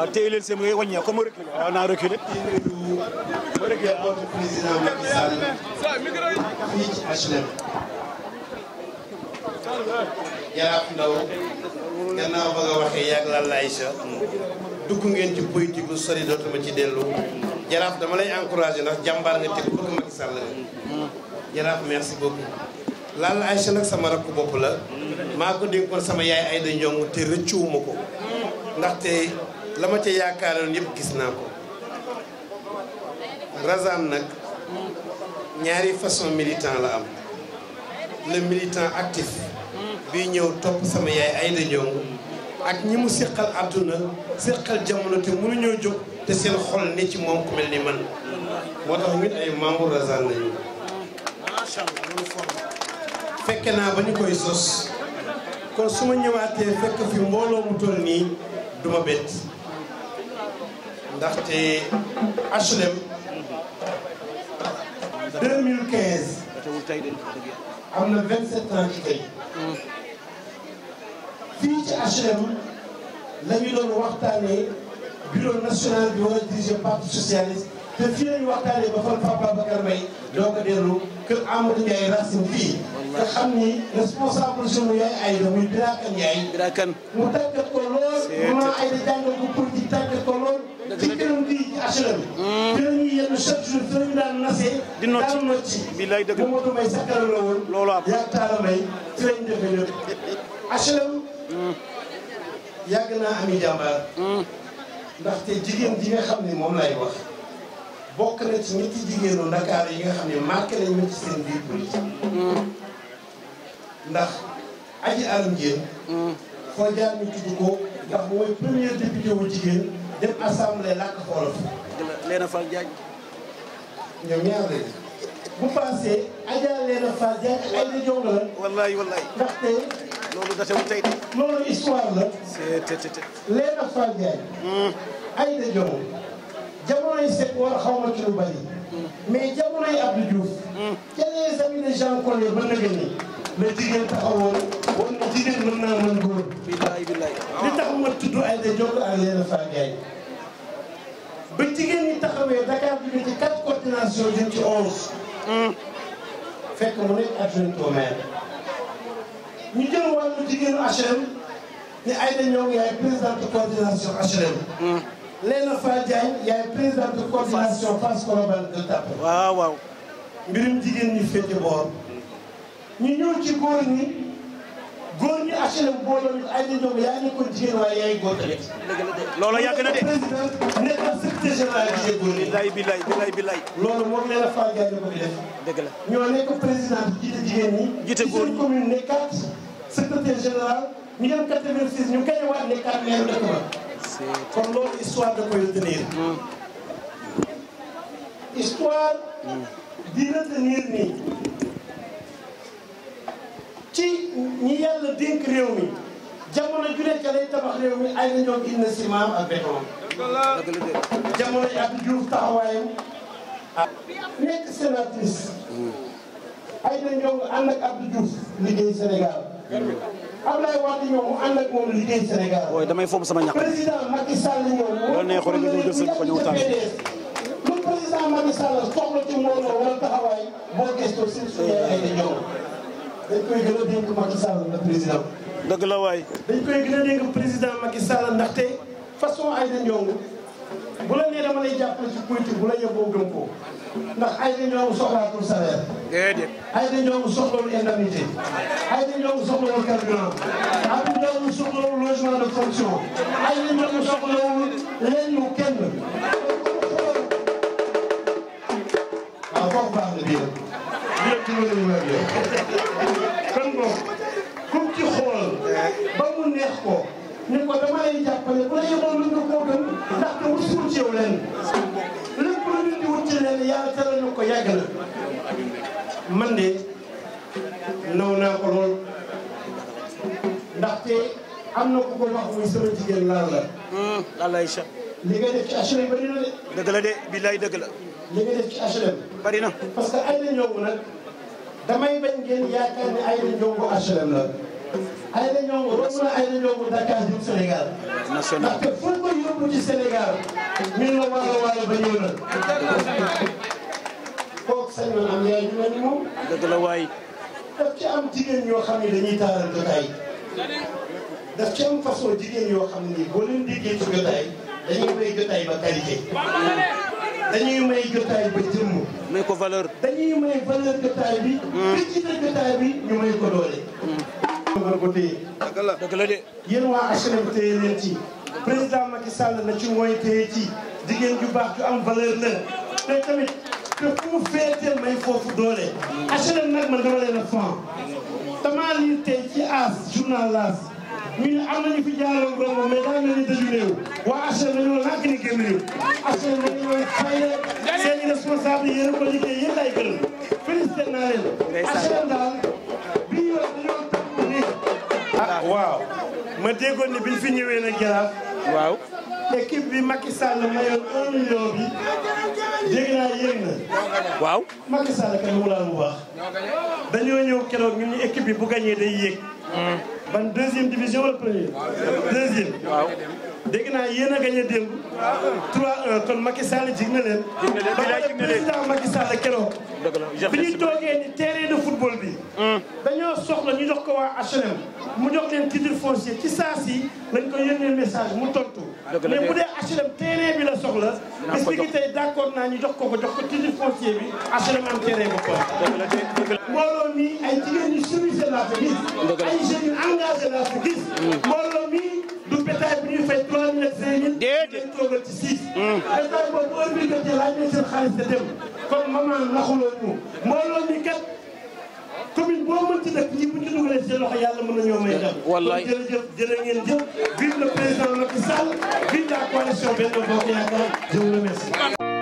waaw téye leen seen ngay wàññeeku comme ma reculé waaw naa reculé. ma ci HLM. Jaraaf Ndaw gannaaw ba nga waxee yàgg la Laysa dugg ngeen ci politique lu dootuma ci dellu Jaraaf dama lay encouragé ndax jàmbaar nga teg bëgg Macky la Jaraaf merci beaucoup Lalla Aïcha nag sama rakku bopp la maa ko dénkoon sama yaay Ayda Njong te rëccuwuma ko ndaxte la ma ca yaakaaroon yëpp gis naa ko Razam nag ñaari façon militant la am le militant actif bi ñëw topp sama yaay Aïda Ndiongue ak ñi mu seqal àdduna seqal jamono te mënuñoo jóg te seen xol ne ci moom ku mel ni man moo tax ñun ay membre Razam lañu fekke naa ba ñu koy sos kon su ma ñëwaatee fekk fi mbooloo mu toll nii duma bett ndaxte HLM 2015 am na 27 ans ci tey fii ci HLM la ñu doon waxtaanee bureau national bi war a diriger parti socialiste te fii la ñu waxtaanee ba fan Papa Bakar Mbaye doo ko dellu kër Amadou Ndiaye Racine fii te xam ni responsable sunu yaay ay da muy Birakan Ndiaye. Birakan mu tàggat ko lool. c' est vrai ay da jàngal ko pour la bi. kër yi yéen chaque daan nasee. di noc daan ci. bi lay dëgg Momadou Mbaye sakkal la woon. loolu am yaa taala may fi lañ defee lépp. HLM. yàgg naa ami jàmbaar. Hmm. ndaxte nga xam ne moom lay wax. bokk na ci ñetti jigéenu Ndakaar yi nga xam ne marqué nañ ma seen biir politique. Hmm. ndax aji aram jéen. foo jaar ñu tudd ko ndax mooy premier député wu jigéen dem assemblée làkk wolof. Leena Fall Diagne. ñoom ñaar lañ. bu paasee. Adja Leena Fall Diagne ak Aïda Diong la. wallaay wallaay. ndaxte. loolu datewul tey de. loolu histoire la. c'est te te te. Leena Fall Diagne. Hmm. Aïda Diong. jamonoy Seck war xaw ma ci lu bari. Hmm. mais jamonoy Abdou Diouf. ca hmm. les amis de Jean Collé ba nga génne. la jigéen taxawoon. woon na jigéen mën naa mën góor. billaay billaay. li tax ma tudd Aïda Diong ak Leena Fall Diagne. jigéen ñi taxawee Dakar dugg ci quatre coordination ci onze. Mm. fekk mu nekk adjoint au maire. ñu jigéenu HLM ni Aïda Niong yaay présidente coordination HLM. H&M. Mm. Léna Fall Diagne yaay présidente coordination Fass Colobane Gueule Tapée. waaw waaw. mbirum jigéen ñi féete boor. ñu ñëw ci góor ñi. góor ñi HLM boo doon ay na ñoom yaa ngi ko jigéen waaye yaay góor tamit. loolu yàgg na de. président nekk na secrétaire général gisee góor yi. bilaay bilaay bilaay bilaay. loolu moom nee na Fall Diagne ko fi def. dëgg la ñoo nekk président bi jiite jigéen ñi. jiite góor ñi commune nekkaat secrétaire général ñu dem 86 ñu kañ waat nekkaat meeru dëkk ba. kon loolu histoire da koy retenir. Hmm. histoire. Hmm. di retenir nii. ci ñi yàlla dénk réew mi jamono ju nekk lay tabax réew mi ay na ñoom indi ciment ak béton jamono yi Abdou Diouf taxawaayam nekk sénatrice ay na ñoom ànd ak Abdou Diouf liggéey Sénégal Ablaye Wade ñoom mu ànd ak moom liggéey Sénégal waaye damay foofu sama ñax président Macky Sall ñoom loolu ne xore bi ñu jël ko ñëw tànn lu président Macky Sall soxla ci mbooloo wala taxawaay boo na ñoom dañ koy gën a dénk Macky Sall la président. dëgg la waay. dañ koy gën a dénk président Macky Sall ndaxte façon Aïda Ndiongue bu la nee dama lay jàppale ci politique bu la yóbboo gëm ko ndax Aïda Ndiongue soxlaatul salaire. déedéet. Aïda Ndiongue soxlawul indemnité. Aïda Ndiongue soxlawul carburant. Aïda Ndiongue soxlawul logement de fonction. man de naw naa ko lool ndaxte am na ku ko wax muy sama jigéen laal la. Hmm, laal la Aïcha. li nga def ci HLM bari na de. dëgg la de billaay dëgg la. li nga def ci HLM. bari na parce que ay la ñoŋu nag damay bañ ngeen yaakaar ne ay la ñoŋu HLM la. ay la ñoŋu romb na ay la ñoŋu Dakar jëm Sénégal. national ndaxte foo ko yóbbu ci Sénégal. ñun la wàllu wàllu ba ñëw na. sañoon am yaay ñu mel ni moom. dëgg la waay. daf ci am jigéen ñoo xam ne dañuy taaral jotaay daf ci am façon jigéen yoo xam ne boo leen déggee ci jotaay dañuy may jotaay ba qualité. dañuy may jotaay ba jëmm. may ko valeur. dañuy may valeur jotaay bi. te hmm. ci jotaay bi ñu may ko doole. nga ko téye. dëgg la dëgg la de. yéen waa HLM téye leen ci. président Macky Sall na ci mooy téye ci. jigéen ju baax ju am valeur la. te tamit. que fu mu féetee may foofu doole. HLM nag man dama leen a fan. damaa tey ci As journal As ñu ne fi jaaroon romb mais daa mel ni waa HLM dañoo làkk ni génn réew. HLM dañoo responsable yéen ko liggéey yéen laay gërëm félicité daal bii yow dañoo tàmm ni. waaw. ma déggoon ni fi ñëwee Jaraaf. waaw. bi Macky mayoon un million bi. dégg naa yéen na. waaw. Macky Sall kan mu laal bu baax. ñëw keroog ñun ñu équipe bi bu gagné day yéeg. ban deuxième division wala premier. deuxième. waaw. dégg naa yéen a gagné démb. 3-1 kon Macky Sall jig na leen. jig na leen bi ñu toogee ni terrain de football bi. dañoo soxla ñu jox ko waa HLM mu jox leen titre foncier ci saa si lañ ko yónnee message mu tontu. mais bu dee HLM terrain bi la soxla. expliqué tey d' accord naa ñu jox ko ko jox ko titre foncier bi HLM am terrain bu ko. mbooloo mi ay jigéen ñu service laa fi gis. ay jeunes yu engagé laa fi gis. Mm. mbooloo mi du bétail bi ñuy fay 3 mille 5 mille. déedéet ñu toogal ci 6. Mm. bétail boobu heure bii jotee laaj nañ seen xaalis te dem kon maman naxuloo ñu mbooloo mi kat. commune boo mën ci dëkk ñi bu ñu ci dugalee seen loxo yàlla mën nañoo may def. wallaay kon jërëjëf jërë ngeen jëf vive le président Macky Sall vive la coalition Benno Bokk Yaakaar je vous remercie.